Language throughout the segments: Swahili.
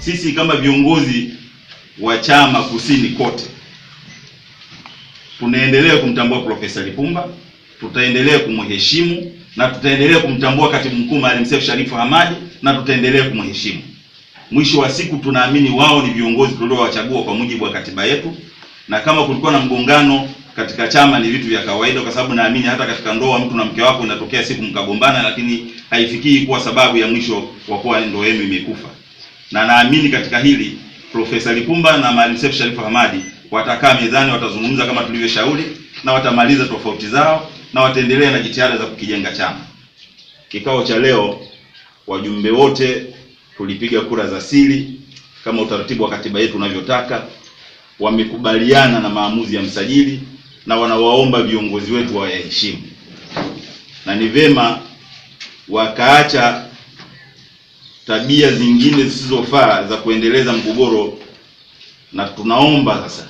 sisi kama viongozi wa chama kusini kote tunaendelea kumtambua Profesa Lipumba, tutaendelea kumheshimu na tutaendelea kumtambua katibu mkuu Maalim Seif Sharifu Hamadi na tutaendelea kumheshimu. Mwisho wa siku, tunaamini wao ni viongozi tuliowachagua kwa mujibu wa katiba yetu, na kama kulikuwa na mgongano katika chama ni vitu vya kawaida, kwa sababu naamini hata katika ndoa mtu na mke wako inatokea siku mkagombana, lakini haifikii kuwa sababu ya mwisho wa kuwa ndoa yenu imekufa na naamini katika hili Profesa Lipumba na Maalim Seif Sharif Hamadi watakaa mezani, watazungumza kama tulivyoshauri, na watamaliza tofauti zao na wataendelea na jitihada za kukijenga chama. Kikao cha leo, wajumbe wote tulipiga kura za siri kama utaratibu wa katiba yetu unavyotaka. Wamekubaliana na maamuzi ya msajili na wanawaomba viongozi wetu wayaheshimu, na ni vema wakaacha tabia zingine zisizofaa za kuendeleza mgogoro, na tunaomba sasa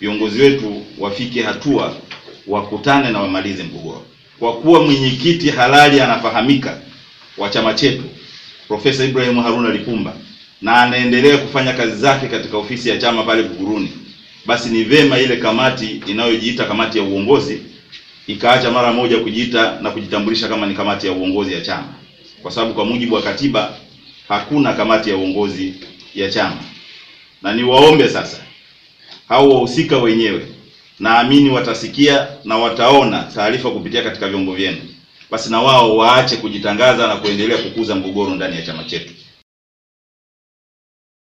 viongozi wetu wafike hatua wakutane na wamalize mgogoro. Kwa kuwa mwenyekiti halali anafahamika wa chama chetu Profesa Ibrahim Haruna Lipumba na anaendelea kufanya kazi zake katika ofisi ya chama pale Buguruni, basi ni vema ile kamati inayojiita kamati ya uongozi ikaacha mara moja kujiita na kujitambulisha kama ni kamati ya uongozi ya chama, kwa sababu kwa mujibu wa katiba hakuna kamati ya uongozi ya chama, na niwaombe sasa hao wahusika wenyewe, naamini watasikia na wataona taarifa kupitia katika vyombo vyenu, basi na wao waache kujitangaza na kuendelea kukuza mgogoro ndani ya chama chetu.